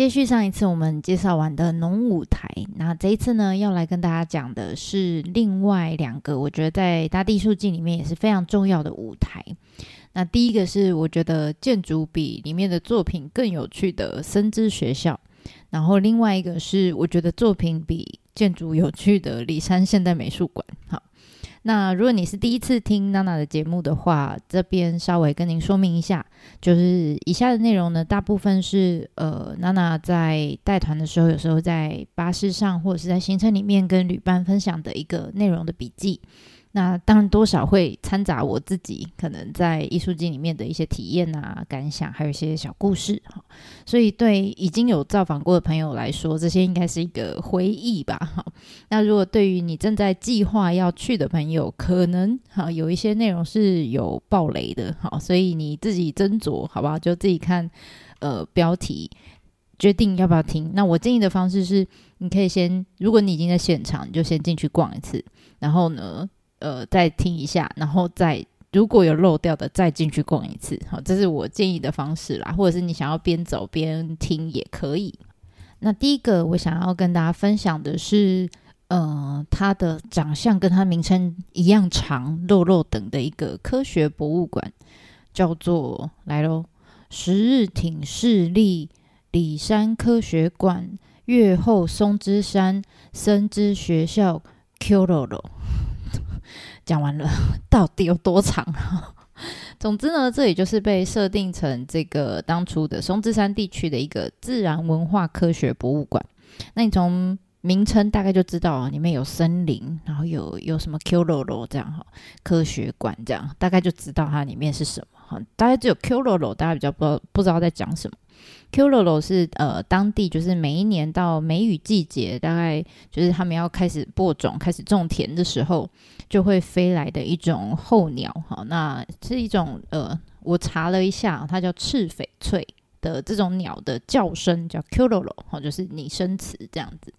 接續上一次我們介紹完的農舞台，那這一次呢，要來跟大家講的是另外兩個，我覺得在大地藝術祭裡面也是非常重要的舞台。那第一個是我覺得建築比裡面的作品更有趣的森之學校，然後另外一個是我覺得作品比建築有趣的里山現代美術館。好。那如果你是第一次聽娜娜的節目的話，這邊稍微跟您說明一下，就是以下的內容呢，大部分是呃娜娜在帶團的時候，有時候在巴士上或者是在行程裡面跟旅伴分享的一個內容的筆記。那當然，多少會摻雜我自己可能在藝術祭裡面的一些體驗啊、感想，還有一些小故事哈。所以，對已經有造訪過的朋友來說，這些應該是一個回憶吧。哈，那如果對於你正在計劃要去的朋友，可能哈有一些內容是有爆雷的，好，所以你自己斟酌好不好？就自己看呃標題，決定要不要聽。那我建議的方式是，你可以先，如果你已經在現場，你就先進去逛一次，然後呢，呃，再聽一下，然後再如果有漏掉的，再進去逛一次。好，哦，這是我建議的方式啦，或者是你想要邊走邊聽也可以。那第一個我想要跟大家分享的是，呃，他的長相跟他名稱一樣長，落落長的一個科學博物館，叫做來嘍，十日町市立里山科學館越後松之山森之學校 QLOLO 講完了，到底有多長？總之呢，這裡就是被設定成這個當初的松之山地區的一個自然文化科學博物館。那你從名稱大概就知道啊，裡面有森林，然後有有什麼 Kyororo 這樣科學館這樣，大概就知道它裡面是什麼。哈，大概只有 Kyororo 大家比較不知道，不知道在講什麼。Qlolo 是呃，當地就是每一年到梅雨季節，大概就是他們要開始播種、開始種田的時候，就會飛來的一種候鳥哈。好，那是一種呃，我查了一下，它叫赤翡翠的這種鳥的叫聲叫 Qlolo，好，就是擬聲詞這樣子。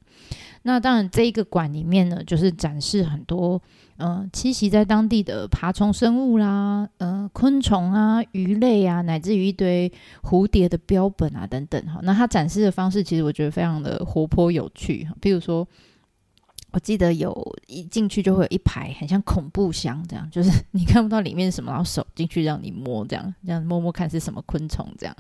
那當然，這一個館裡面呢，就是展示很多，呃，棲息在當地的爬蟲生物啦，呃，昆蟲啊，魚類啊，乃至於一堆蝴蝶的標本啊等等。哈，那它展示的方式，其實我覺得非常的活潑有趣。比如說，我記得有一進去就會有一排很像恐怖箱這樣，就是你看不到裡面是什麼，然後手進去讓你摸這樣，這樣摸摸看是什麼昆蟲這樣，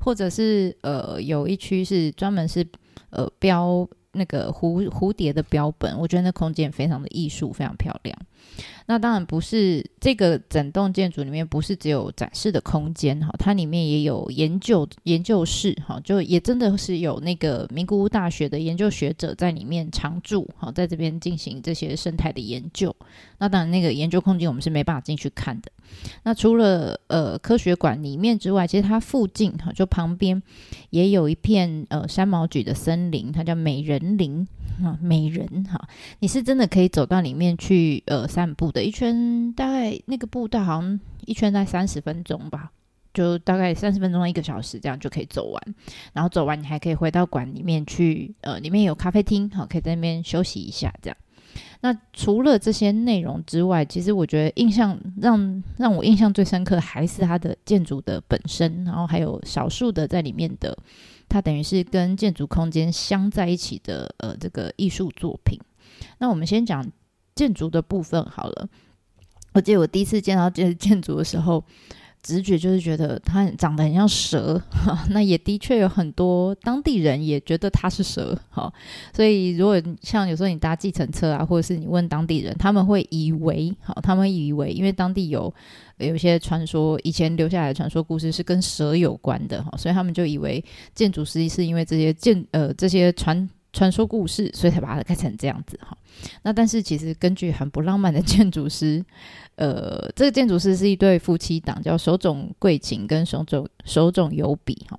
或者是呃，有一區是專門是呃標。那個蝴蝴蝶的標本，我覺得那空間非常的藝術，非常漂亮。那當然不是這個整棟建築裡面不是只有展示的空間哈，它裡面也有研究研究室哈，就也真的是有那個名古屋大學的研究學者在裡面常駐哈，在這邊進行這些生態的研究。那當然那個研究空間我們是沒辦法進去看的。那除了呃科學館裡面之外，其實它附近哈，就旁邊也有一片呃山毛櫸的森林，它叫美人林。嗯，沒人哈，你是真的可以走到裡面去呃散步的，一圈大概那個步道好像一圈在三十分鐘吧，就大概三十分鐘一個小時這樣就可以走完，然後走完你還可以回到館裡面去呃，裡面有咖啡廳哈，可以在那邊休息一下這樣。那除了這些內容之外，其實我覺得印象讓讓我印象最深刻還是它的建築的本身，然後還有少數的在裡面的。它等於是跟建築空間相在一起的呃，這個藝術作品。那我們先講建築的部分好了。我記得我第一次見到這建築的時候，直覺就是覺得他長得很像蛇，那也的確有很多當地人也覺得他是蛇，哈，所以如果像有時候你搭計程車啊，或者是你問當地人，他們會以為，哈，他們以為，因為當地有有些傳說，以前留下來的傳說故事是跟蛇有關的，哈，所以他們就以為建築師是因為這些建，呃，這些傳。傳說故事，所以才把它改成這樣子哈。那但是其實根據很不浪漫的建築師，呃，這個建築師是一對夫妻檔，叫手冢貴晴跟手冢手冢由比哈。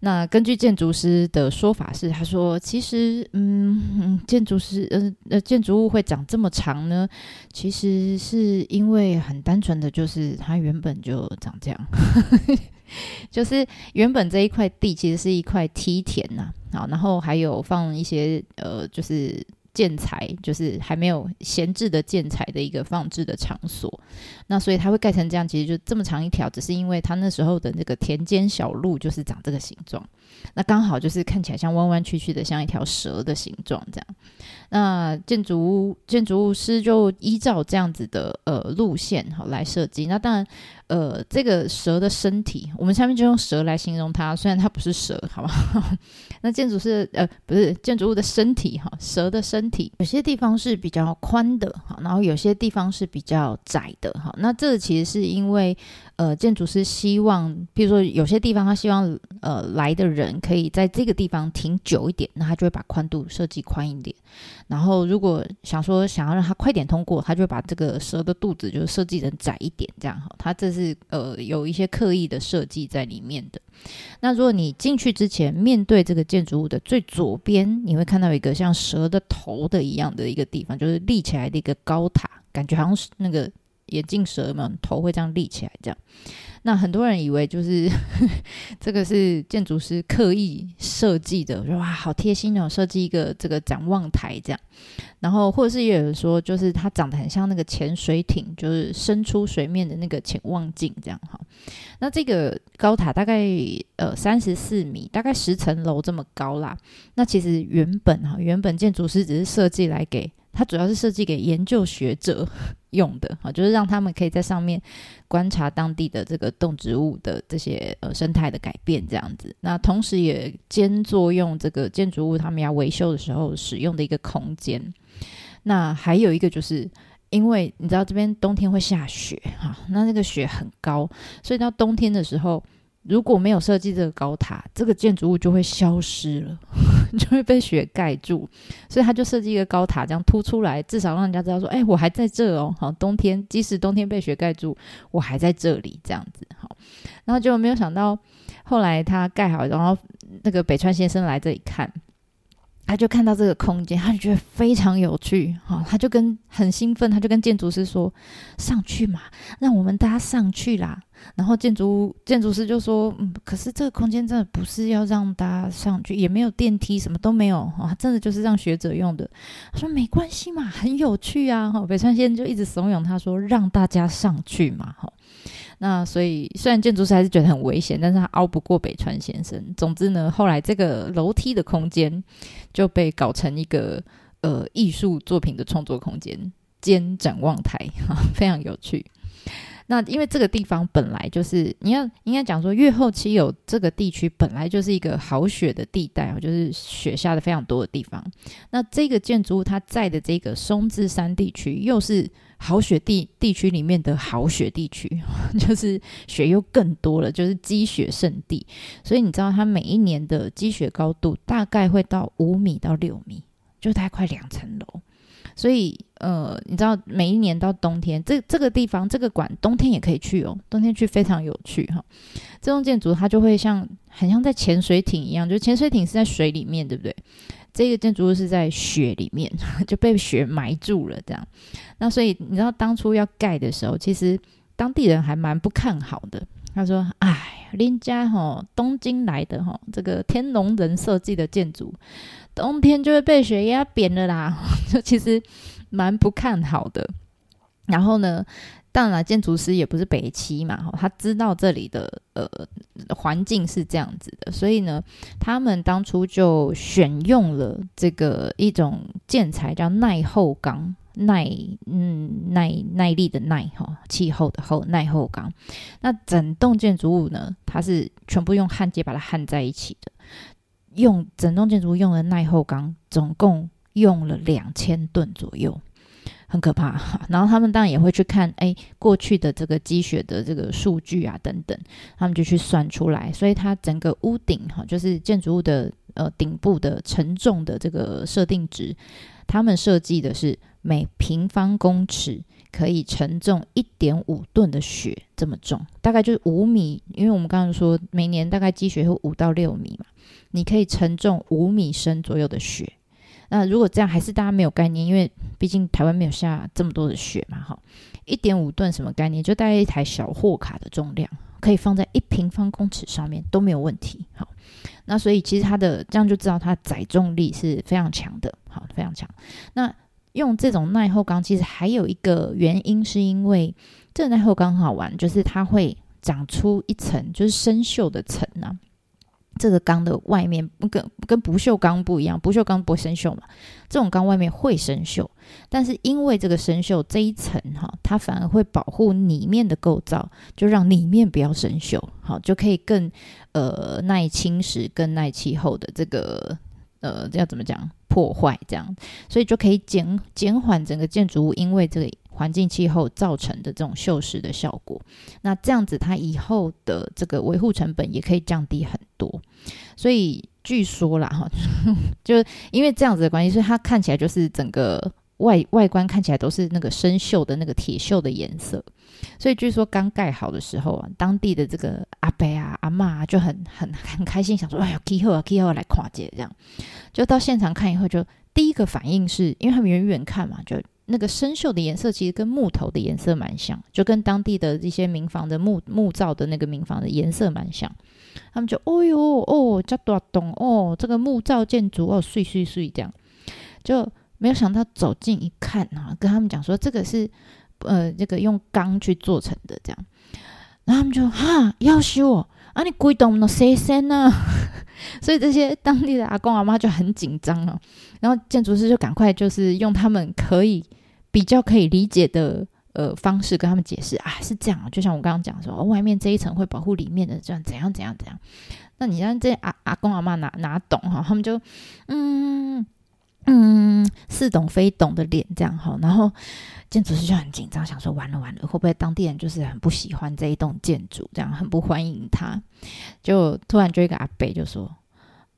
那根據建築師的說法是，他說其實，嗯，建築師，呃，呃，建築物會長這麼長呢，其實是因為很單純的就是它原本就長這樣， 就是原本這一塊地其實是一塊梯田吶，啊，好，然後還有放一些，呃，就是。建材就是還沒有閒置的建材的一個放置的場所，那所以它會蓋成這樣，其實就這麼長一條，只是因為它那時候的那個田間小路就是長這個形狀，那剛好就是看起來像彎彎曲曲的，像一條蛇的形狀這樣，那建築物建築師就依照這樣子的呃路線哈來設計，那當然。呃，這個蛇的身體，我們下面就用蛇來形容它，雖然它不是蛇，好吧？ 那建築師呃，不是建築物的身體哈，蛇的身體，有些地方是比較寬的哈，然後有些地方是比較窄的哈。那這其實是因為呃，建築師希望，譬如說有些地方他希望呃來的人可以在這個地方停久一點，那他就會把寬度設計寬一點；然後如果想說想要讓他快點通過，他就會把這個蛇的肚子就設計成窄一點，這樣哈，他這是。是呃，有一些刻意的設計在裡面的。那如果你進去之前，面對這個建築物的最左邊，你會看到一個像蛇的頭的一樣的一個地方，就是立起來的一個高塔，感覺好像是那個。眼鏡蛇嘛，頭會這樣立起來，這樣。那很多人以為就是呵呵這個是建築師刻意設計的，說哇好貼心哦，設計一個這個展望台這樣。然後或者是也有人說，就是它長得很像那個潛水艇，就是伸出水面的那個潛望鏡這樣哈。那這個高塔大概呃三十四米，大概十層樓這麼高啦。那其實原本哈，原本建築師只是設計來給。它主要是設計給研究學者用的啊，就是讓他們可以在上面觀察當地的這個動植物的這些呃生態的改變這樣子。那同時也兼作用這個建築物他們要維修的時候使用的一個空間。那還有一個就是因為你知道這邊冬天會下雪哈，那那個雪很高，所以到冬天的時候，如果沒有設計這個高塔，這個建築物就會消失了。就會被雪蓋住，所以他就設計一個高塔這樣凸出來，至少讓人家知道說，哎、欸，我還在這哦，好，冬天即使冬天被雪蓋住，我還在這裡這樣子，好，然後就沒有想到後來他蓋好，然後那個北川先生來這裡看。他就看到這個空間，他就覺得非常有趣，哈、哦，他就跟很興奮，他就跟建築師說：“上去嘛，讓我們大家上去啦。”然後建築建築師就說：“嗯，可是這個空間真的不是要讓大家上去，也沒有電梯，什麼都沒有，哈、哦，他真的就是讓學者用的。”他說：“沒關係嘛，很有趣啊。哦”哈，北川先生就一直慫恿他說：“讓大家上去嘛，哈、哦。”那所以，雖然建築師還是覺得很危險，但是他拗不過北川先生。總之呢，後來這個樓梯的空間就被搞成一個呃藝術作品的創作空間兼展望台，哈，非常有趣。那因為這個地方本來就是，你要應該講說，越後妻有這個地區本來就是一個好雪的地帶，就是雪下的非常多的地方。那這個建築物它在的這個松之山地區又是。豪雪地地區裡面的豪雪地區，就是雪又更多了，就是積雪聖地。所以你知道，它每一年的積雪高度大概會到五米到六米，就大概快兩層樓。所以呃，你知道每一年到冬天，這這個地方這個館冬天也可以去哦，冬天去非常有趣哈、哦。這棟建築它就會像很像在潛水艇一樣，就是潛水艇是在水裡面，對不對？這個建築物是在雪裡面，就被雪埋住了，這樣。那所以你知道當初要蓋的時候，其實當地人還蠻不看好的。他說：“哎呀，人家吼、哦、東京來的吼、哦，這個天龍人設計的建築，冬天就會被雪壓扁了啦。 ”就其實蠻不看好的。然後呢？當然了，建築師也不是北七嘛、哦，他知道這裡的呃環境是這樣子的，所以呢，他們當初就選用了這個一種建材叫耐候鋼，耐嗯耐耐力的耐哈、哦，氣候的候耐候鋼。那整棟建築物呢，它是全部用焊接，把它焊在一起的，用整棟建築用的耐候鋼，總共用了兩千噸左右。很可怕，然後他們當然也會去看，誒，過去的這個積雪的這個數據啊，等等，他們就去算出來。所以，它整個屋頂哈，就是建築物的呃頂部的承重的這個設定值，他們設計的是每平方公尺可以承重一點五噸的雪這麼重，大概就是五米，因為我們剛剛說每年大概積雪會五到六米嘛，你可以承重五米深左右的雪。那如果這樣還是大家沒有概念，因為畢竟台灣沒有下這麼多的雪嘛，哈，一點五噸什麼概念？就大概一台小貨卡的重量，可以放在一平方公尺上面都沒有問題，好，那所以其實它的這樣就知道它的載重力是非常強的，好，非常強。那用這種耐候鋼，其實還有一個原因，是因為這個耐候鋼很好玩，就是它會長出一層就是生鏽的層啊，這個鋼的外面跟跟不鏽鋼不一樣，不鏽鋼不會生鏽嘛，這種鋼外面會生鏽。但是因為這個生鏽這一層哈、哦，它反而會保護裡面的構造，就讓裡面不要生鏽，好、哦，就可以更呃耐侵蝕、更耐氣候的這個呃這要怎麼講破壞這樣，所以就可以減減緩整個建築物因為這個環境氣候造成的這種鏽蝕的效果。那這樣子它以後的這個維護成本也可以降低很多。所以據說啦哈，就是因為這樣子的關係，所以它看起來就是整個。外外觀看起來都是那個生銹的那個鐵銹的顏色，所以據說剛蓋好的時候啊，當地的這個阿伯啊、阿嬤啊，就很很很開心，想說：“哎呀，基赫基赫來跨界這樣。”就到現場看以後就，就第一個反應是因為他們遠遠看嘛，就那個生銹的顏色其實跟木頭的顏色蠻像，就跟當地的一些民房的木木造的那個民房的顏色蠻像，他們就：“哦呦哦，這多棟哦，這個木造建築哦，碎碎碎這樣就。”沒有想到走近一看啊，跟他們講說這個是，呃，這個用鋼去做成的這樣，然後他們就哈要修啊，你鬼懂那些神仙呢？ 所以這些當地的阿公阿嬤就很緊張啊，然後建築師就趕快就是用他們可以比較可以理解的呃方式跟他們解釋啊，是這樣，啊，就像我剛剛講說，外面這一層會保護裡面的，這樣怎樣怎樣怎樣，那你讓這阿阿公阿嬤哪哪懂哈，啊？他們就嗯。嗯，似懂非懂的臉，這樣吼，然後建築師就很緊張，想說完了完了，會不會當地人就是很不喜歡這一棟建築，這樣很不歡迎他？就突然就一個阿伯就說：“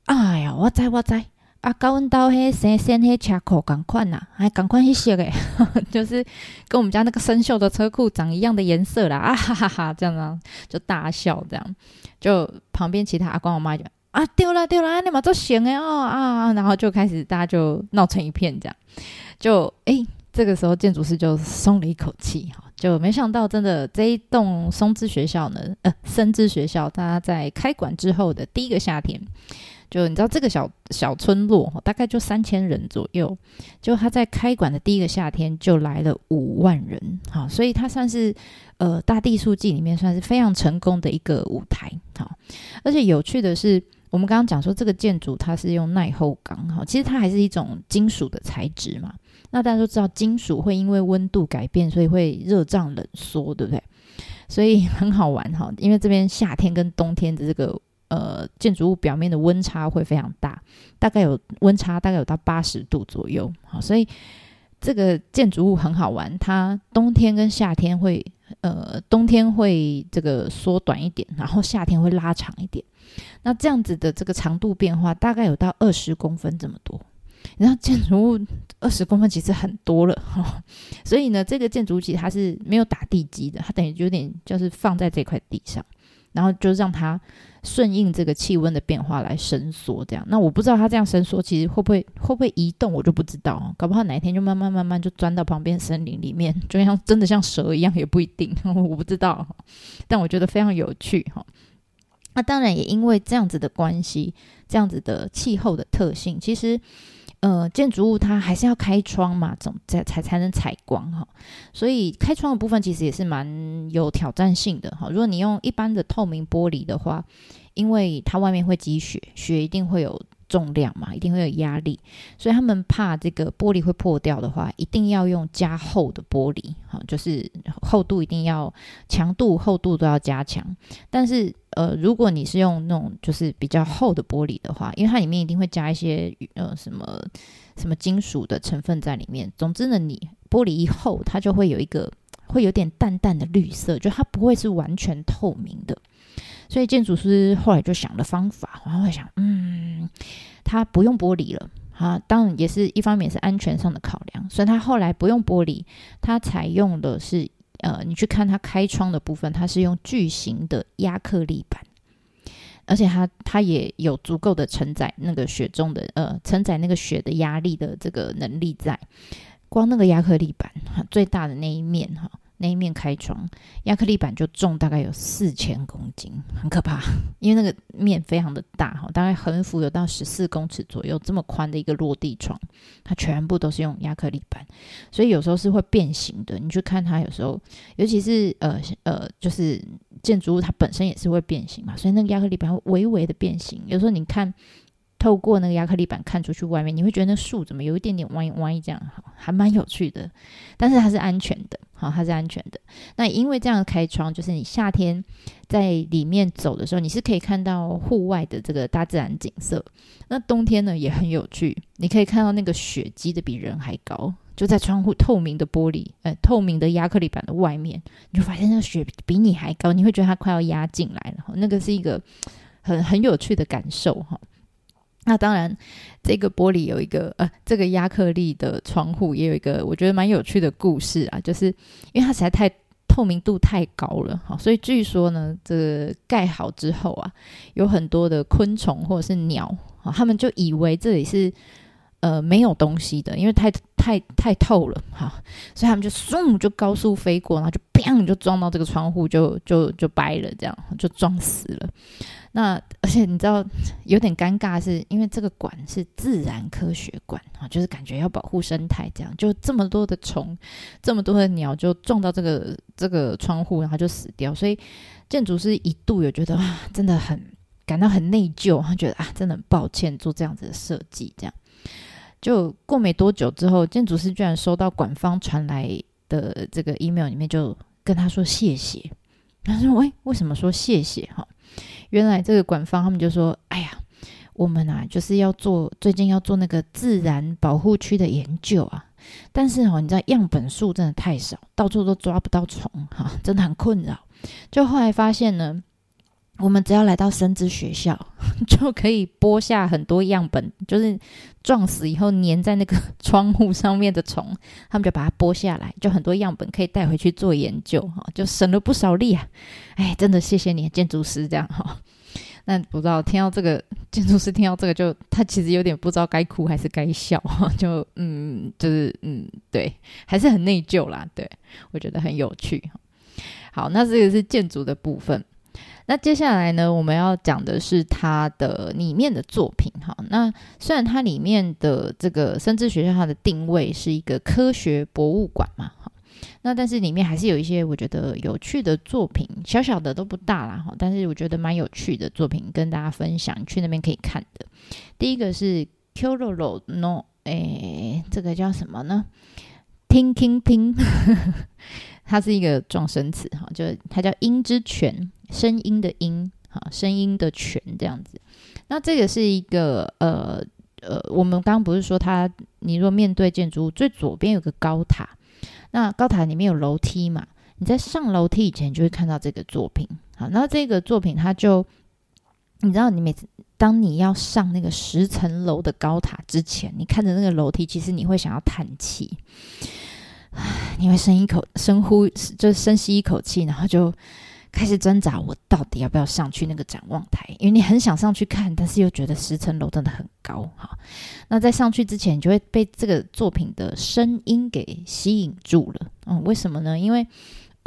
哎呀，我知我知，阿、啊、高文到嘿生先嘿車庫，趕快吶，還趕快一修嘞， 就是跟我們家那個生鏽的車庫長一樣的顏色啦啊哈哈哈哈，這樣、啊、就大笑這樣，就旁邊其他阿公阿媽就。”啊，丟了丟了，你們都行誒。哦啊，然後就開始大家就鬧成一片這樣，就哎，這個時候建築師就鬆了一口氣哈，就沒想到真的這一棟森之學校呢，呃，森之學校，它在開館之後的第一個夏天，就你知道這個小小村落，哦、大概就三千人左右，就它在開館的第一個夏天就來了五萬人哈、哦，所以它算是呃大地藝術祭裡面算是非常成功的一個舞台哈、哦，而且有趣的是。我們剛剛講說這個建築它是用耐候鋼哈，其實它還是一種金屬的材質嘛。那大家都知道金屬會因為溫度改變，所以會熱脹冷縮，對不對？所以很好玩哈，因為這邊夏天跟冬天的這個呃建築物表面的溫差會非常大，大概有溫差大概有到八十度左右，好，所以這個建築物很好玩，它冬天跟夏天會呃冬天會這個縮短一點，然後夏天會拉長一點。那這樣子的這個長度變化大概有到二十公分這麼多，然後建築物二十公分其實很多了哈，所以呢，這個建築物其實它是沒有打地基的，它等於有點就是放在這塊地上，然後就讓它順應這個氣溫的變化來伸縮這樣。那我不知道它這樣伸縮其實會不會，會不會移動，我就不知道哦，搞不好哪一天就慢慢慢慢就鑽到旁邊森林裡面，就像真的像蛇一樣也不一定，我不知道，但我覺得非常有趣哈。那當然也因為這樣子的關係，這樣子的氣候的特性，其實，呃，建築物它還是要開窗嘛，總在才才能採光哈。所以開窗的部分其實也是蠻有挑戰性的哈。如果你用一般的透明玻璃的話，因為它外面會積雪，雪一定會有重量嘛，一定會有壓力，所以他們怕這個玻璃會破掉的話，一定要用加厚的玻璃，哈、嗯，就是厚度一定要，強度、厚度都要加強。但是，呃，如果你是用那種就是比較厚的玻璃的話，因為它裡面一定會加一些，呃，什麼什麼金屬的成分在裡面。總之呢，你玻璃一厚，它就會有一個，會有點淡淡的綠色，就它不會是完全透明的。所以建築師後來就想了方法，然後會想，嗯，他不用玻璃了哈、啊，當然也是一方面是安全上的考量。所以，他後來不用玻璃，他採用的是，呃，你去看他開窗的部分，它是用巨型的壓克力板，而且它它也有足夠的承載那個雪重的，呃，承載那個雪的壓力的這個能力在。光那個壓克力板哈，最大的那一面哈。啊那一面開窗，壓克力板就重大概有四千公斤，很可怕。因為那個面非常的大哈，大概橫幅有到十四公尺左右，這麼寬的一個落地窗，它全部都是用壓克力板，所以有時候是會變形的。你去看它，有時候尤其是呃呃，就是建築物它本身也是會變形嘛，所以那個壓克力板會微微的變形。有時候你看。透過那個壓克力板看出去外面，你會覺得那樹怎麼有一點點歪歪。這樣還蠻有趣的。但是它是安全的，好，它是安全的。那因為這樣開窗，就是你夏天在裡面走的時候，你是可以看到戶外的這個大自然景色。那冬天呢也很有趣，你可以看到那個雪積的比人還高，就在窗戶透明的玻璃，嗯、呃，透明的壓克力板的外面，你就發現那個雪比你還高，你會覺得它快要壓進來了。那個是一個很很有趣的感受，哈。那當然，這個玻璃有一個呃，這個壓克力的窗戶也有一個我覺得蠻有趣的故事啊，就是因為它實在太透明度太高了哈，所以據說呢，這個、蓋好之後啊，有很多的昆蟲或者是鳥啊，他們就以為這裡是呃沒有東西的，因為太太太透了哈，所以他們就嗖就高速飛過，然後就 biang 就撞到這個窗戶，就就就掰了，這樣就撞死了。那而且你知道有點尷尬是，是因為這個館是自然科學館啊、哦，就是感覺要保護生態，這樣就這麼多的蟲，這麼多的鳥就撞到這個這個窗戶，然後就死掉。所以建築師一度有覺得哇、啊，真的很感到很內疚，他覺得啊，真的很抱歉做這樣子的設計。這樣就過沒多久之後，建築師居然收到館方傳來的這個 email，裡面就跟他說謝謝。他說：“哎，為什麼說謝謝？”哈、哦。原來這個館方他們就說：“哎呀，我們啊，就是要做最近要做那個自然保護區的研究啊，但是哦，你知道樣本數真的太少，到處都抓不到蟲哈、啊，真的很困擾。”就後來發現呢。我們只要來到森之學校， 就可以剝下很多樣本，就是撞死以後粘在那個窗戶上面的蟲，他們就把它剝下來，就很多樣本可以帶回去做研究，哈、哦，就省了不少力啊。哎，真的謝謝你建築師這樣哈、哦。那不知道聽到這個建築師聽到這個就，就他其實有點不知道該哭還是該笑，哦、就嗯，就是嗯，對，還是很內疚啦。對，我覺得很有趣。好，那這個是建築的部分。那接下來呢，我們要講的是它的裡面的作品哈。那雖然它裡面的這個森之學校，它的定位是一個科學博物館嘛，哈。那但是裡面還是有一些我覺得有趣的作品，小小的都不大啦，哈。但是我覺得蠻有趣的作品跟大家分享，去那邊可以看的。第一個是 Kyororo no，誒、欸，這個叫什麼呢？聽聽聽呵呵，它是一個狀聲詞哈，就是它叫音之泉，聲音的音，哈，聲音的泉這樣子。那這個是一個呃呃，我們剛剛不是說它，你若面對建築物最左邊有一個高塔，那高塔裡面有樓梯嘛，你在上樓梯以前就會看到這個作品，好，那這個作品它就，你知道你每次。當你要上那個十層樓的高塔之前，你看着那個樓梯，其實你會想要嘆氣，你會深一口深呼，就深吸一口氣，然後就開始掙扎：我到底要不要上去那個展望台？因為你很想上去看，但是又覺得十層樓真的很高。哈，那在上去之前，你就會被這個作品的聲音給吸引住了。嗯，為什麼呢？因為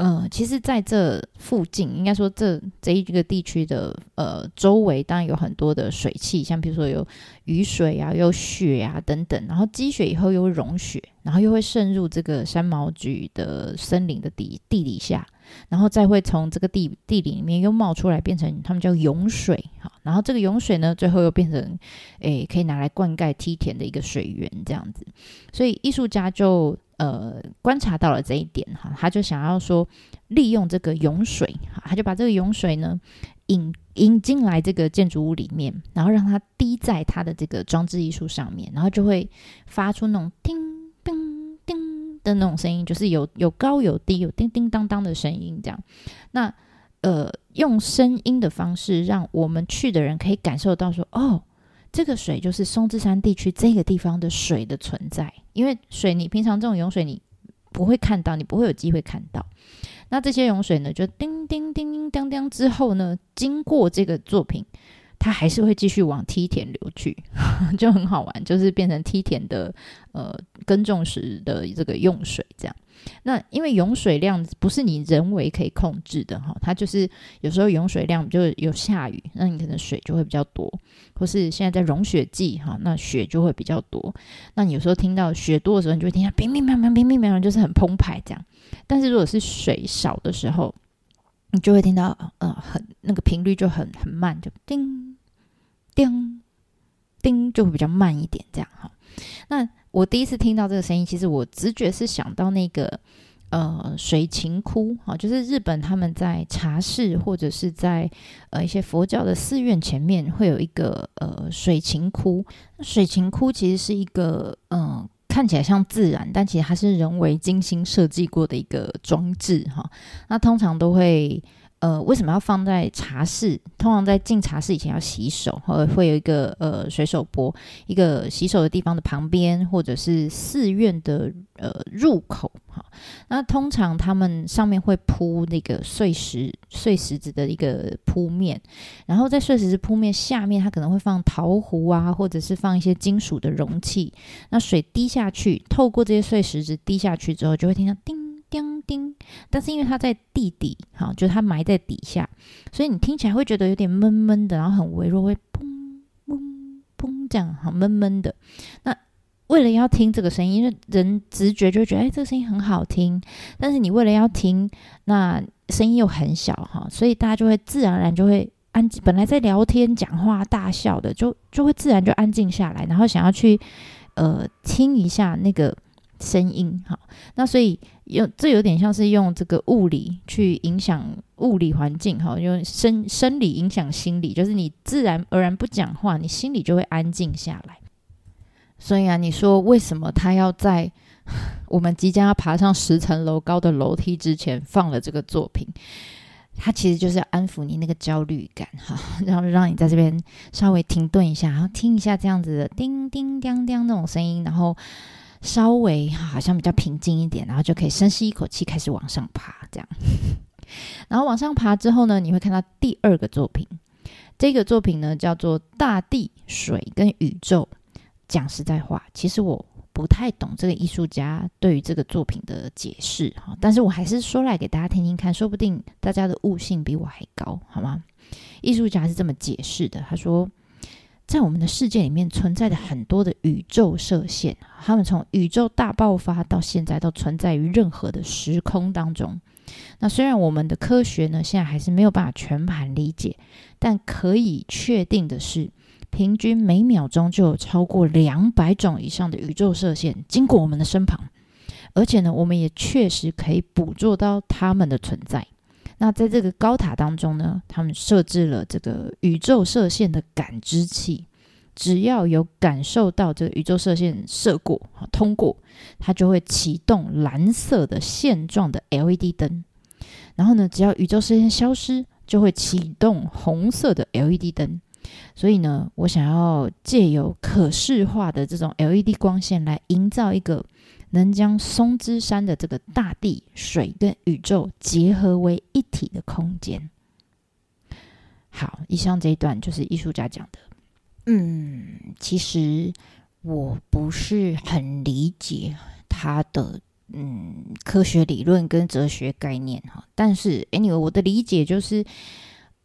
嗯，其實，在這附近，應該說這這一個地區的呃周圍，當然有很多的水汽，像比如說有雨水啊，有雪啊等等，然後積雪以後又融雪，然後又會滲入這個山毛榉的森林的地地底下，然後再會從這個地地裡裡面又冒出來，變成他們叫湧水哈，然後這個湧水呢，最後又變成誒，可以拿來灌溉梯田的一個水源這樣子，所以藝術家就。呃，觀察到了這一點哈，他就想要說利用這個湧水哈，他就把這個湧水呢引引進來這個建築物裡面，然後讓它滴在他的這個裝置藝術上面，然後就會發出那種叮叮叮的那種聲音，就是有有高有低，有叮叮噹噹的聲音這樣。那呃，用聲音的方式，讓我們去的人可以感受到說哦。這個水就是松之山地區這個地方的水的存在，因為水你平常這種湧水你不會看到，你不會有機會看到。那這些湧水呢，就叮叮叮叮當當之後呢，經過這個作品，它還是會繼續往梯田流去，呵呵，就很好玩，就是變成梯田的呃耕種時的這個用水這樣。那因為湧水量不是你人為可以控制的哈，它就是有時候湧水量就有下雨，那你可能水就會比較多；或是現在在融雪季哈，那雪就會比較多。那你有時候聽到雪多的時候，你就會聽到“乒乒乓乓乒乒乓乓”，就是很澎湃這樣。但是如果是水少的時候，你就會聽到呃很那個頻率就很很慢，就叮叮叮，就會比較慢一點這樣哈。那我第一次聽到這個聲音，其實我直覺是想到那個，呃，水琴窟、哦、就是日本他們在茶室或者是在呃一些佛教的寺院前面會有一個呃水琴窟。水琴窟其實是一個嗯、呃、看起來像自然，但其實它是人為精心設計過的一個裝置哈、哦。那通常都會。呃，為什麼要放在茶室？通常在進茶室以前要洗手，呃，會有一個呃水手缽，一個洗手的地方的旁邊，或者是寺院的呃入口哈。那通常他們上面會鋪那個碎石碎石子的一個鋪面，然後在碎石子鋪面下面，它可能會放陶壺啊，或者是放一些金屬的容器。那水滴下去，透過這些碎石子滴下去之後，就會聽到叮。叮叮，但是因為它在地底，哈，就是它埋在底下，所以你聽起來會覺得有點悶悶的，然後很微弱，會砰砰砰這樣，很悶悶的。那為了要聽這個聲音，因為人直覺就會覺得，哎，這個聲音很好聽。但是你為了要聽，那聲音又很小，哈，所以大家就會自然而然就會安靜，本來在聊天、講話、大笑的，就就會自然就安靜下來，然後想要去呃聽一下那個。聲音哈，那所以用這有點像是用這個物理去影響物理環境哈，用生生理影響心理，就是你自然而然不講話，你心裡就會安靜下來。所以啊，你說為什麼他要在我們即將要爬上十層樓高的樓梯之前放了這個作品？他其實就是要安撫你那個焦慮感哈，然後讓你在這邊稍微停頓一下，然後聽一下這樣子的叮叮叮叮那種聲音，然後。稍微好像比較平靜一點，然後就可以深吸一口氣，開始往上爬，這樣。 然後往上爬之後呢，你會看到第二個作品，這個作品呢叫做《大地、水跟宇宙》。講實在話，其實我不太懂這個藝術家對於這個作品的解釋哈，但是我還是說來給大家聽聽看，說不定大家的悟性比我還高，好嗎？藝術家是這麼解釋的，他說。在我們的世界裡面存在著很多的宇宙射線，它們從宇宙大爆發到現在都存在於任何的時空當中。那雖然我們的科學呢，現在還是沒有辦法全盤理解，但可以確定的是，平均每秒鐘就有超過兩百種以上的宇宙射線經過我們的身旁，而且呢，我們也確實可以捕捉到它們的存在。那在這個高塔當中呢，他們設置了這個宇宙射線的感知器，只要有感受到這個宇宙射線射過、通過，它就會啟動藍色的線狀的 LED 燈。然後呢，只要宇宙射線消失，就會啟動紅色的 LED 燈。所以呢，我想要借由可視化的這種 LED 光線來營造一個，能將松之山的這個大地、水跟宇宙結合為一體的空間。好，以上這一段就是藝術家講的。嗯，其實我不是很理解他的嗯科學理論跟哲學概念哈，但是 anyway，我的理解就是，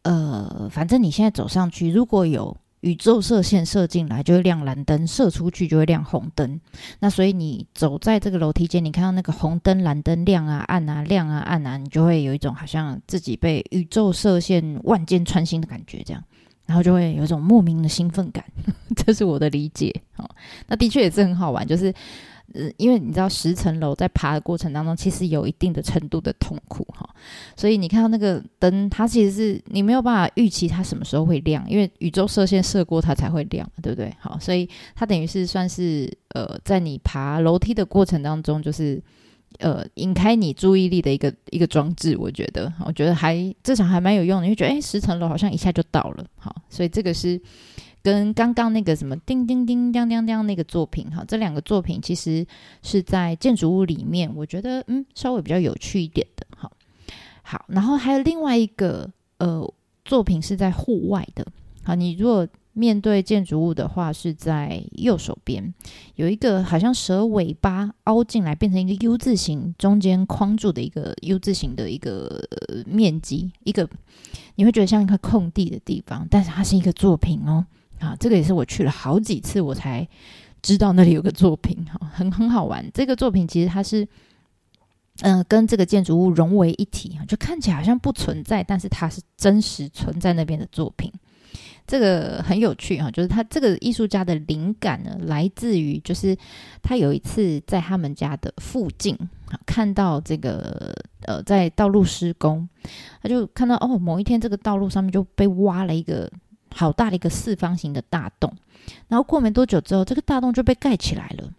呃，反正你現在走上去，如果有。宇宙射線射進來就會亮藍燈，射出去就會亮紅燈。那所以你走在這個樓梯間，你看到那個紅燈、藍燈亮啊、暗啊、亮啊、暗啊，你就會有一種好像自己被宇宙射線萬箭穿心的感覺，這樣，然後就會有一種莫名的興奮感。 這是我的理解哦，那的確也是很好玩，就是。嗯，因為你知道十層樓在爬的過程當中，其實有一定的程度的痛苦哈，所以你看到那個燈，它其實是你沒有辦法預期它什麼時候會亮，因為宇宙射線射過它才會亮，對不對？好，所以它等於是算是呃，在你爬樓梯的過程當中，就是呃引開你注意力的一個一個裝置，我覺得，我覺得還至少還蠻有用的，因為覺得誒，十層樓好像一下就到了，好，所以這個是。跟剛剛那個什麼叮叮叮叮叮叮那個作品，哈，這兩個作品其實是在建築物裡面。我覺得，嗯，稍微比較有趣一點的，哈，好。然後還有另外一個呃作品是在戶外的，好，你如果面對建築物的話，是在右手邊有一個好像蛇尾巴凹進來變成一個 U 字形，中間框住的一個 U 字形的一個、呃、面積，一個你會覺得像一塊空地的地方，但是它是一個作品哦。啊，這個也是我去了好幾次，我才知道那裡有個作品，哈，啊，很很好玩。這個作品其實它是，嗯，呃，跟這個建築物融為一體，啊，就看起來好像不存在，但是它是真實存在那邊的作品。這個很有趣啊，就是他這個藝術家的靈感呢，來自於就是他有一次在他們家的附近，啊，看到這個呃，在道路施工，他就看到哦，某一天這個道路上面就被挖了一個。好大的一個四方形的大洞，然後過沒多久之後，這個大洞就被蓋起來了。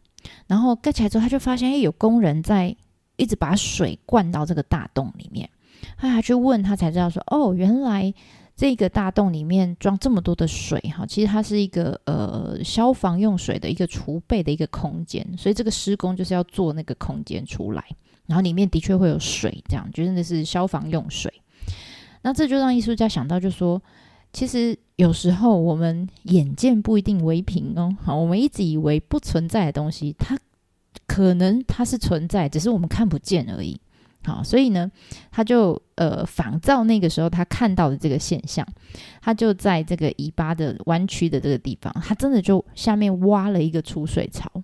然後蓋起來之後，他就發現，誒，有工人在一直把水灌到這個大洞裡面。他還去問他才知道說，哦，原來這個大洞裡面裝這麼多的水，哈，其實它是一個呃消防用水的一個儲備的一個空間。所以這個施工就是要做那個空間出來，然後裡面的確會有水，這樣就真的是消防用水。那這就讓藝術家想到，就說。其實有時候我們眼見不一定為憑哦，好，我們一直以為不存在的東西，它可能它是存在，只是我們看不見而已。好，所以呢，他就呃仿照那個時候他看到的這個現象，他就在這個尾巴的彎曲的這個地方，他真的就下面挖了一個儲水槽。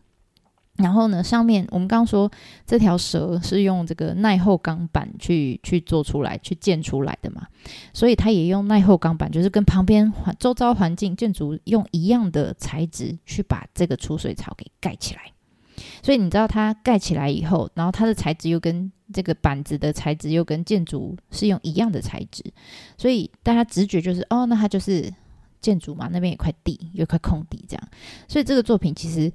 然後呢，上面我們剛剛說這條蛇是用這個耐候鋼板去去做出來、去建出來的嘛，所以它也用耐候鋼板，就是跟旁邊環、周遭環境建築用一樣的材質去把這個儲水槽給蓋起來。所以你知道它蓋起來以後，然後它的材質又跟這個板子的材質又跟建築是用一樣的材質，所以大家直覺就是哦，那它就是建築嘛。那邊有塊地，有塊空地這樣，所以這個作品其實。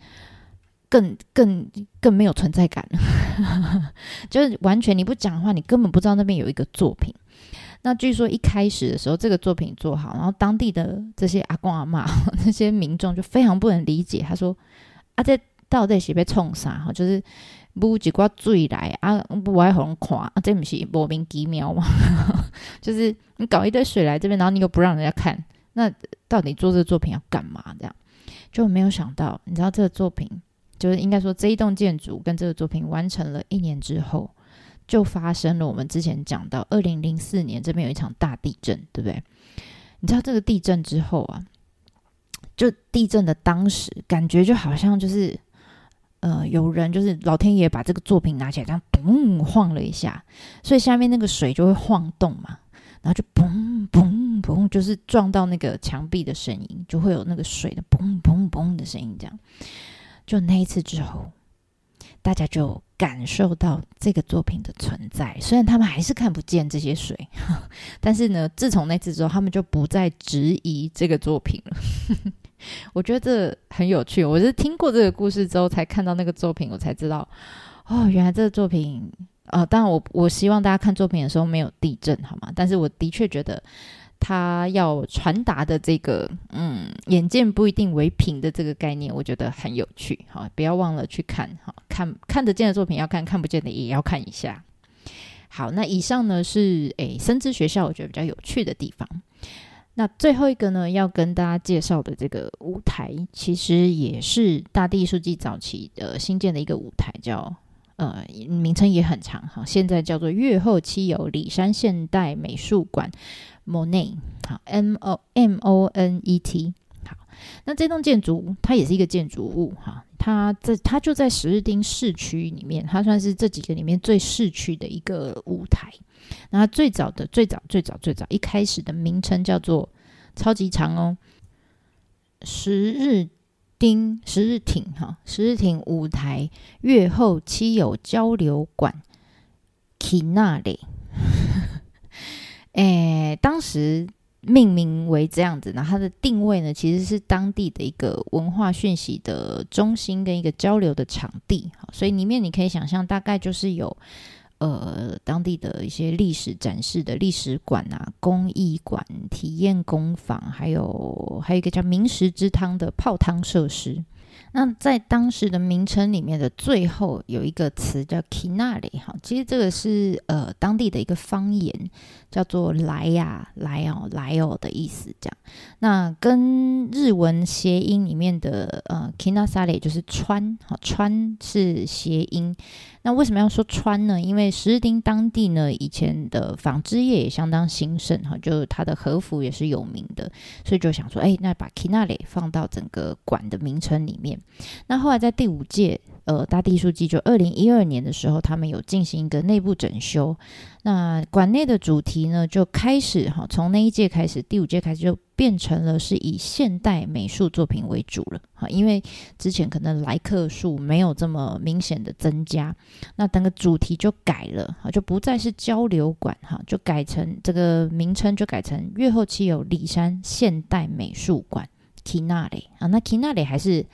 更更更沒有存在感， 就是完全你不講話，你根本不知道那邊有一個作品。那據說一開始的時候，這個作品做好，然後當地的這些阿公阿媽那些民眾就非常不能理解，他說：“啊，這到底是被沖殺，就是不幾掛水來啊，不愛紅誇啊，這不是莫名其妙嗎？ 就是你搞一堆水來這邊，然後你又不讓人家看，那到底做這個作品要幹嘛？這樣就沒有想到，你知道這個作品。”就是應該說，這一棟建築跟這個作品完成了一年之後，就發生了我們之前講到，二零零四年這邊有一場大地震，對不對？你知道這個地震之後啊，就地震的當時，感覺就好像就是，呃，有人就是老天爺把這個作品拿起來，這樣嘣晃了一下，所以下面那個水就會晃動嘛，然後就嘣嘣嘣，就是撞到那個牆壁的聲音，就會有那個水的嘣嘣嘣的聲音，這樣。就那一次之後，大家就感受到這個作品的存在。雖然他們還是看不見這些水，但是呢，自從那次之後，他們就不再質疑這個作品了。 我覺得很有趣。我是聽過這個故事之後，才看到那個作品，我才知道哦，原來這個作品……啊，當然我，我我希望大家看作品的時候沒有地震，好嗎？但是我的確覺得。他要傳達的這個嗯，眼見不一定為憑的這個概念，我覺得很有趣。好，不要忘了去看，好，看看得見的作品要看，看不見的也要看一下。好，那以上呢是誒森之學校，我覺得比較有趣的地方。那最後一個呢，要跟大家介紹的這個舞台，其實也是大地藝術祭早期的、呃、新建的一個舞台，叫呃名稱也很長哈，現在叫做越後妻有里山現代美術館。Monet，好，M O M O N E T，好，那這棟建築它也是一個建築物，哈，它在它就在十日町市區裡面，它算是這幾個裡面最市區的一個舞台。那最早的最早最早最早，一開始的名稱叫做超級長哦，十日町十日町哈，十日町舞台越後妻有交流館 k i n a 哎、欸，當時命名為這樣子，那它的定位呢，其實是當地的一個文化訊息的中心跟一個交流的場地。所以裡面你可以想象，大概就是有呃當地的一些歷史展示的歷史館啊、工藝館、體驗工坊，還有還有一個叫“民食之湯”的泡湯設施。那在當時的名稱裡面的最後有一個詞叫 Kinare 哈，其實這個是呃當地的一個方言，叫做萊呀萊哦萊哦的意思，這樣。那跟日文諧音裡面的呃 Kinasare 就是穿，哈穿是諧音。那為什麼要說穿呢？因為十日町當地呢，以前的紡織業也相當興盛，哈，就它的和服也是有名的，所以就想說，哎、欸，那把 Kinare 放到整個館的名稱裡面。那後來在第五屆。呃，大地藝祭就二零一二年的時候，他們有進行一個內部整修。那館內的主題呢，就開始哈，從那一屆開始，第五屆開始就變成了是以現代美術作品為主了。哈，因為之前可能來客數沒有這麼明顯的增加，那整個主題就改了，哈，就不再是交流館，哈，就改成這個名稱就改成越後妻有里山現代美術館 Kinare 啊，那 Kinare 還是。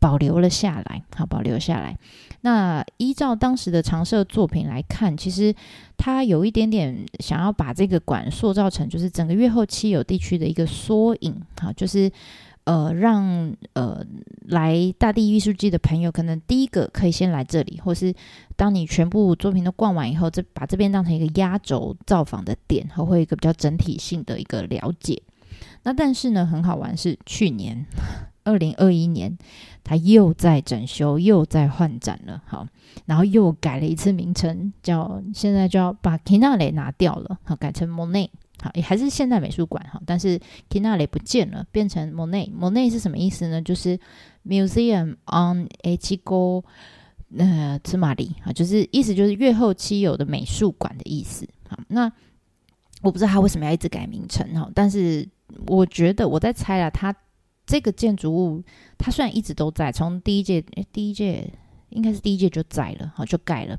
保留了下來，好，保留下來。那依照當時的常設作品來看，其實他有一點點想要把這個館塑造成，就是整個越後妻有地區的一個縮影，哈，就是呃，讓呃來大地藝術祭的朋友，可能第一個可以先來這裡，或是當你全部作品都逛完以後，這把這邊當成一個壓軸造訪的點，和會一個比較整體性的一個了解。那但是呢，很好玩是去年。二零二一年，他又在整修，又在換展了，好，然後又改了一次名稱，叫現在就要把 Kinare 拿掉了，好，改成 MonET，好，也還是現代美術館，哈，但是 Kinare 不見了，變成 MonET，MonET 是什麼意思呢？就是 Museum on Echigo 呃，つまり啊，就是意思就是越後妻有的美術館的意思，好，那我不知道他為什麼要一直改名稱，哈，但是我覺得我在猜了，他。這個建築物，它雖然一直都在，從第一屆，誒第一屆應該是第一屆就在了，好，就蓋了，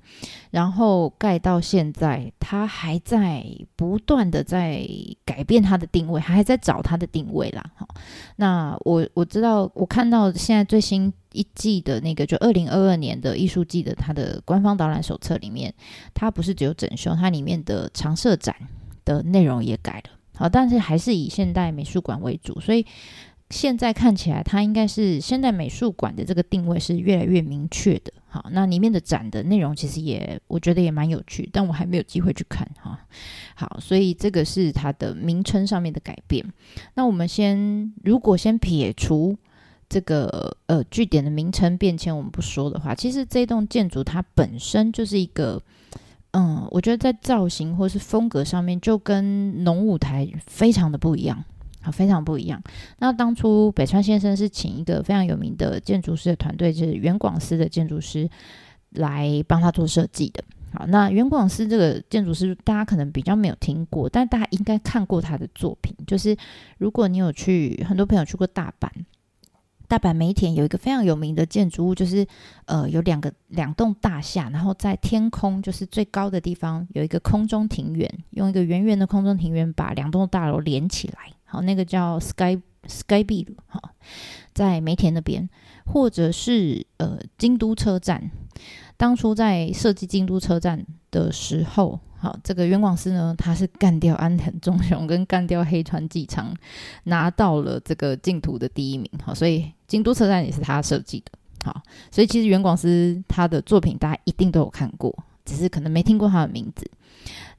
然後蓋到現在，它還在不斷的在改變它的定位，還還在找它的定位啦。好，那我我知道，我看到現在最新一季的那個，就二零二二年的藝術季的它的官方導覽手冊裡面，它不是只有整修，它裡面的常設展的內容也改了，好，但是還是以現代美術館為主，所以。現在看起來，它應該是現代美術館的這個定位是越來越明確的。好，那裡面的展的內容其實也，我覺得也蠻有趣，但我還沒有機會去看哈。好，所以這個是它的名稱上面的改變。那我們先，如果先撇除這個呃據點的名稱變遷，我們不說的話，其實這棟建築它本身就是一個，嗯，我覺得在造型或是風格上面，就跟農舞台非常的不一樣。啊，非常不一樣。那當初北川先生是請一個非常有名的建築師的團隊，就是原廣司的建築師，來幫他做設計的。好，那原廣司這個建築師，大家可能比較沒有聽過，但大家應該看過他的作品。就是如果你有去，很多朋友去過大阪，大阪梅田有一個非常有名的建築物，就是呃有兩個兩棟大廈，然後在天空就是最高的地方有一個空中庭園，用一個圓圓的空中庭園把兩棟大樓連起來。好，那個叫 Sky, Sky Building 好，在梅田那邊，或者是呃京都車站。當初在設計京都車站的時候，好，這個原廣司呢，他是幹掉安藤忠雄跟幹掉黑川紀昌，拿到了這個競圖的第一名。好，所以京都車站也是他設計的。好，所以其實原廣司他的作品大家一定都有看過，只是可能沒聽過他的名字。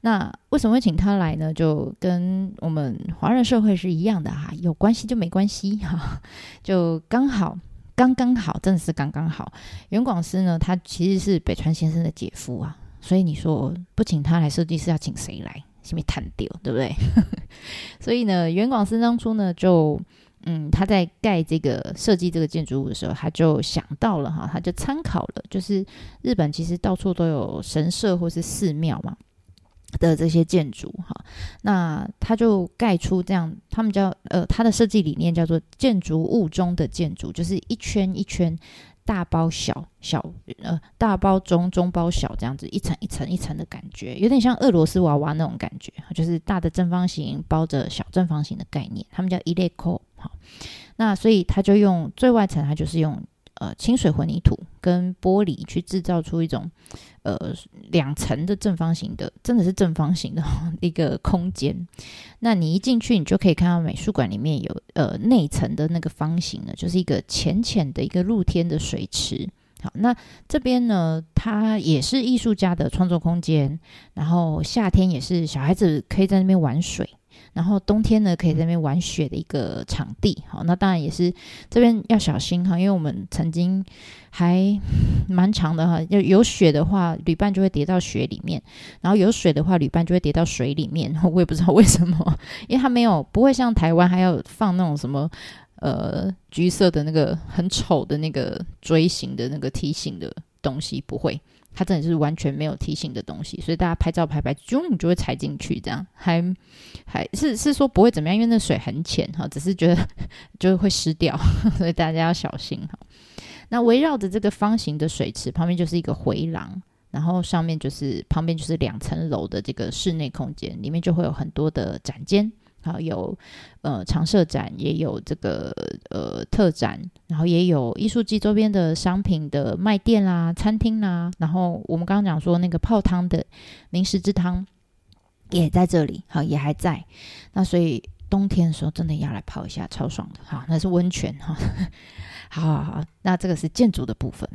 那為什麼會請他來呢？就跟我們華人社會是一樣的哈、啊，有關係就沒關係哈，就剛好，剛剛好，真的是剛剛好。原廣司呢，他其實是北川先生的姐夫啊，所以你說不請他來設計是要請誰來？是沒談丟，對不對？ 所以呢，原廣司當初呢，就嗯，他在蓋這個設計這個建築物的時候，他就想到了哈，他就參考了，就是日本其實到處都有神社或是寺廟嘛。的這些建築，哈，那他就蓋出這樣，他們叫呃，他的設計理念叫做建築物中的建築，就是一圈一圈，大包小小，呃，大包中中包小這樣子，一層一層一層的感覺，有點像俄羅斯娃娃那種感覺，就是大的正方形包着小正方形的概念，他們叫入れ子，好，那所以他就用最外層，他就是用。呃，清水混凝土跟玻璃去製造出一種呃兩層的正方形的，真的是正方形的一個空間。那你一進去，你就可以看到美術館裡面有呃內層的那個方形的，就是一個淺淺的一個露天的水池。好，那這邊呢，它也是藝術家的創作空間，然後夏天也是小孩子可以在那邊玩水。然後冬天呢，可以在那邊玩雪的一個場地。好，那當然也是這邊要小心哈，因為我們曾經還蠻長的哈。要有雪的話，旅伴就會跌到雪裡面；然後有水的話，旅伴就會跌到水裡面。我也不知道為什麼，因為它沒有不會像台灣還要放那種什麼呃橘色的那個很醜的那個錐形的那個梯形的東西，不會。它真的是完全沒有提醒的東西，所以大家拍照拍拍，啾，你就會踩進去這樣，還還是是說不會怎麼樣，因為那水很淺哈，只是覺得就會濕掉，所以大家要小心哈。那圍繞着這個方形的水池旁邊就是一個回廊，然後上面就是旁邊就是兩層樓的這個室內空間，裡面就會有很多的展間。好有，呃，常設展也有這個呃特展，然後也有藝術季周邊的商品的賣店啦、餐廳啦，然後我們剛剛講說那個泡湯的，零食之湯也在這裡，好也還在，那所以冬天的時候真的要來泡一下，超爽的，好那是溫泉哈、哦，好，好，好，好，那這個是建築的部分，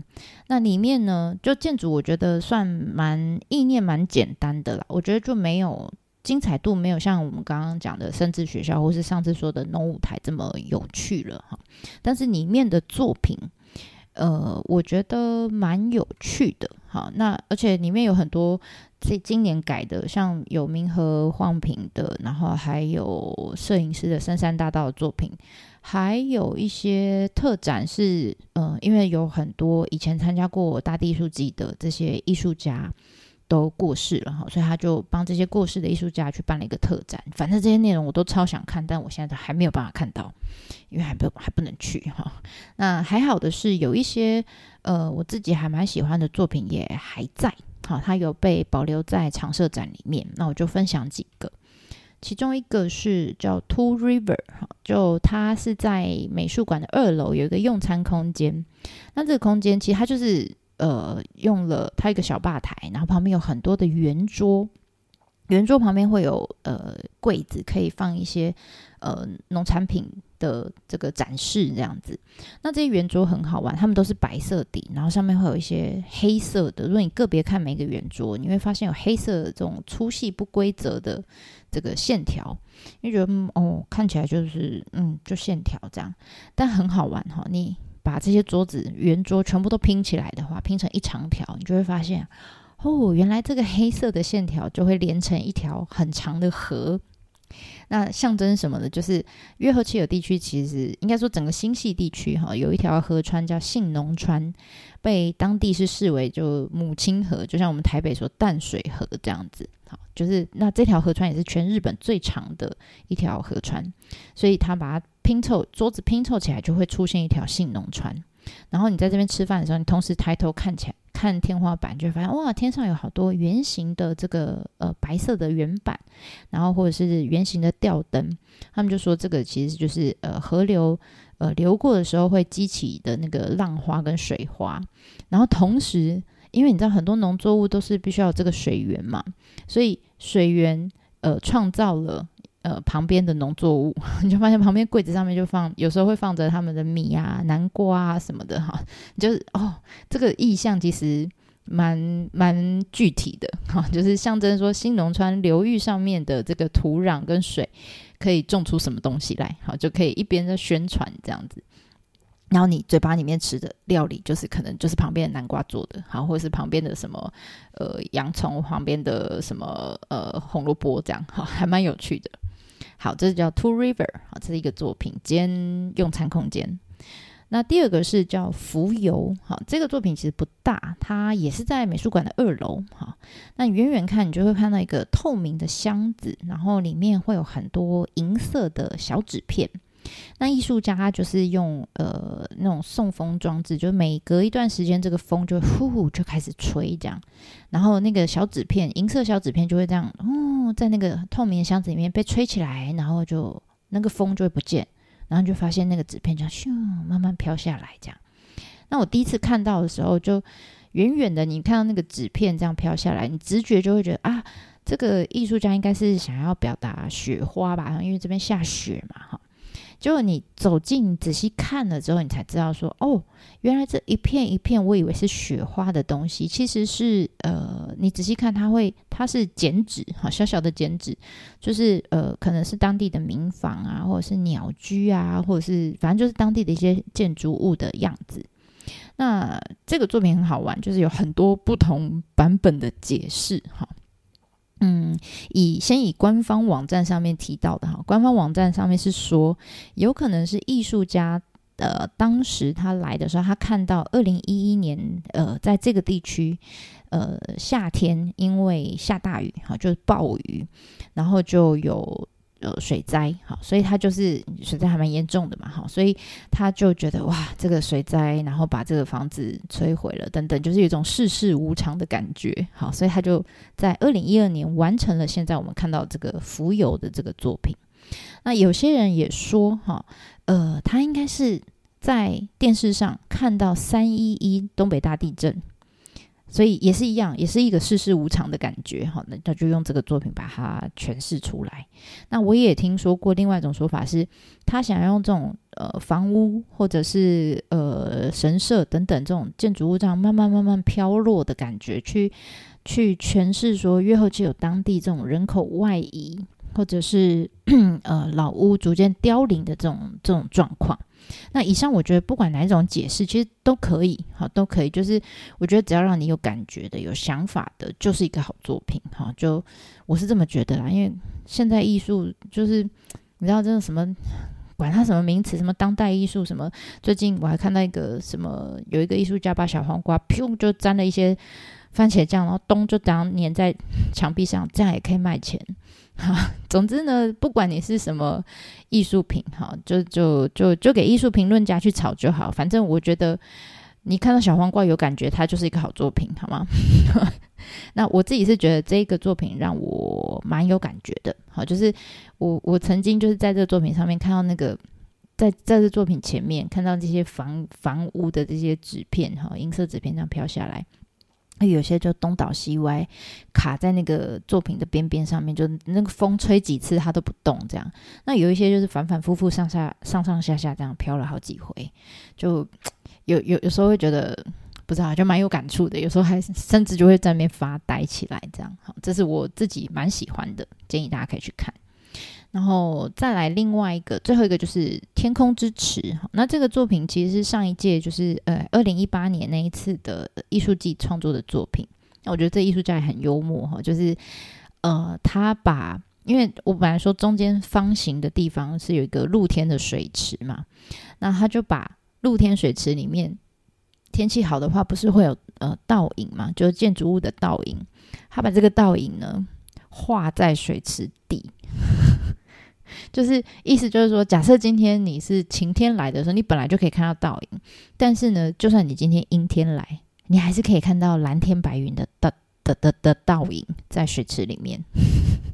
那裡面呢就建築我覺得算蠻意念蠻簡單的啦，我覺得就沒有。精彩度沒有像我們剛剛講的森之學校或是上次說的農舞台這麼有趣了哈，但是裡面的作品，呃，我覺得蠻有趣的哈。那而且裡面有很多這今年改的，像有名和晃平的，然後還有攝影師的森山大道的作品，還有一些特展是，呃，因為有很多以前參加過大地藝術祭的這些藝術家。都過世了哈，所以他就幫這些過世的藝術家去辦了一個特展。反正這些內容我都超想看，但我現在都還沒有辦法看到，因為還不還不能去哈。那還好的是，有一些呃我自己還蠻喜歡的作品也還在哈，它有被保留在常設展裡面。那我就分享幾個，其中一個是叫 Two River 哈，就它是在美術館的二樓有一個用餐空間。那這個空間其實它就是。呃，用了它一個小吧台，然後旁邊有很多的圓桌，圓桌旁邊會有呃櫃子，可以放一些呃農產品的這個展示這樣子。那這些圓桌很好玩，它們都是白色底，然後上面會有一些黑色的。如果你個別看每一個圓桌，你會發現有黑色的這種粗細不規則的這個線條，因為覺得、嗯、哦，看起來就是嗯，就線條這樣，但很好玩哈、哦，你。把這些桌子圓桌全部都拼起來的話，拼成一長條，你就會發現哦，原來這個黑色的線條就會連成一條很長的河。那象徵什麼的？就是越後妻有地區其實應該說整個新潟地區哈、哦，有一條河川叫信濃川，被當地是視為就母親河，就像我們台北說淡水河這樣子。好，就是那這條河川也是全日本最長的一條河川，所以他把它。拼湊桌子拼湊起來就會出現一條信濃川，然後你在這邊吃飯的時候，你同時抬頭看起來看天花板，就會發現哇，天上有好多圓形的這個呃白色的圓板，然後或者是圓形的吊燈，他們就說這個其實就是呃河流呃流過的時候會激起的那個浪花跟水花，然後同時因為你知道很多農作物都是必須要這個水源嘛，所以水源呃創造了。呃，旁邊的農作物，你就發現旁邊櫃子上面就放，有時候會放着他們的米啊、南瓜啊什麼的哈。就是哦，這個意象其實蠻蠻具體的哈，就是象徵說信濃川流域上面的這個土壤跟水可以種出什麼東西來，哈，就可以一邊在宣傳這樣子。然後你嘴巴裡面吃的料理就是可能就是旁邊的南瓜做的，好，或是旁邊的什麼呃洋蔥旁邊的什麼呃紅蘿蔔這樣，好，還蠻有趣的。好，這是叫 Two River，好，這是一個作品兼用餐空間。那第二個是叫浮游，好，這個作品其實不大，它也是在美術館的二樓，好，那你遠遠看你就會看到一個透明的箱子，然後裡面會有很多銀色的小紙片。那藝術家他就是用呃那種送風裝置，就每隔一段時間，這個風就呼呼就開始吹這樣，然後那個小紙片，銀色小紙片就會這樣，哦，在那個透明的箱子裡面被吹起來，然後就那個風就會不見，然後就發現那個紙片這樣咻慢慢飄下來這樣。那我第一次看到的時候，就遠遠的你看到那個紙片這樣飄下來，你直覺就會覺得啊，這個藝術家應該是想要表達雪花吧，因為這邊下雪嘛，哈。就你走近你仔細看了之後，你才知道說哦，原來這一片一片，我以為是雪花的東西，其實是呃，你仔細看，它會它是剪紙哈、哦，小小的剪紙，就是呃，可能是當地的民房啊，或者是鳥居啊，或者是反正就是當地的一些建築物的樣子。那這個作品很好玩，就是有很多不同版本的解釋哈。哦嗯，以先以官方網站上面提到的哈，官方網站上面是說，有可能是藝術家呃，當時他來的時候，他看到二零一一年呃，在這個地區呃夏天因為下大雨哈，就是暴雨，然後就有。呃，水災哈，所以他就是水災還蠻嚴重的嘛，哈，所以他就覺得哇，這個水災，然後把這個房子摧毀了，等等，就是有一種世事無常的感覺，好，所以他就在二零一二年完成了現在我們看到這個浮游的這個作品。那有些人也說，哈、哦，呃，他應該是在電視上看到三一一東北大地震。所以也是一樣，也是一個世事無常的感覺，好，那他就用這個作品把它詮釋出來。那我也聽說過另外一種說法是，他想要用這種呃房屋、或者是呃神社等等這種建築物這樣慢慢慢慢飄落的感覺，去去詮釋說，越後妻有當地這種人口外移。或者是呃老屋逐漸凋零的這種這種狀況，那以上我覺得不管哪一種解釋，其實都可以，好，都可以。就是我覺得只要讓你有感覺的、有想法的，就是一個好作品，哈，就我是這麼覺得啦。因為現在藝術就是你知道這種什麼，管它什麼名詞，什麼當代藝術什麼。最近我還看到一個什麼，有一個藝術家把小黃瓜，就沾了一些。番茄醬，然後咚就這樣粘在牆壁上，這樣也可以賣錢。哈，總之呢，不管你是什麼藝術品，哈，就就就就給藝術評論家去炒就好。反正我覺得，你看到小黃瓜有感覺，它就是一個好作品，好嗎？ 那我自己是覺得這個作品讓我蠻有感覺的。好,就是我我曾經就是在這個作品上面看到那個在在這作品前面看到這些房房屋的這些紙片，哈，銀色紙片這樣飄下來。那有些就東倒西歪，卡在那個作品的邊邊上面，就那個風吹幾次它都不動這樣。那有一些就是反反复覆上下上上下下這樣飄了好幾回，就有有有時候會覺得不知道，就蠻有感觸的。有時候還甚至就會在那邊發呆起來這樣。好，這是我自己蠻喜歡的，建議大家可以去看。然後再來另外一個，最後一個就是《天空之池》。那這個作品其實是上一屆就是呃二零一八年那一次的藝術季創作的作品。那我覺得這藝術家也很幽默哈、哦，就是呃他把，因為我本來說中間方形的地方是有一個露天的水池嘛，那他就把露天水池裡面天氣好的話不是會有呃倒影嘛，就是建築物的倒影，他把這個倒影呢畫在水池底。就是意思就是說，假設今天你是晴天來的時候，你本來就可以看到倒影。但是呢，就算你今天陰天來，你還是可以看到藍天白雲的的的的、的倒影在水池裡面，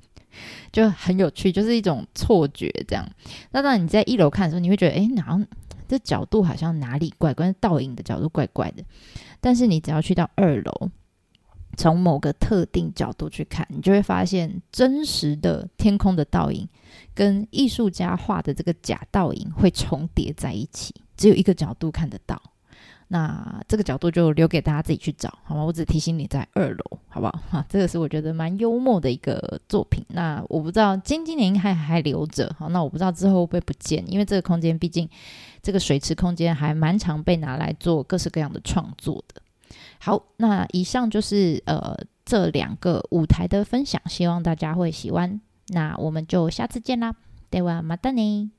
就很有趣，就是一種錯覺這樣。那當然你在一樓看的時候，你會覺得哎，哪、欸、這角度好像哪裡怪怪，倒影的角度怪怪的。但是你只要去到二樓。從某個特定角度去看，你就會發現真實的天空的倒影跟藝術家畫的這個假倒影會重疊在一起，只有一個角度看得到。那這個角度就留給大家自己去找，好嗎？我只提醒你在二樓，好不好？哈、啊，這個是我覺得蠻幽默的一個作品。那我不知道今今年還還留着，好，那我不知道之後會不會不見，因為這個空間畢竟這個水池空間還蠻常被拿來做各式各樣的創作的。好，那以上就是呃這兩個舞台的分享，希望大家會喜歡。那我們就下次見啦，ではまたね。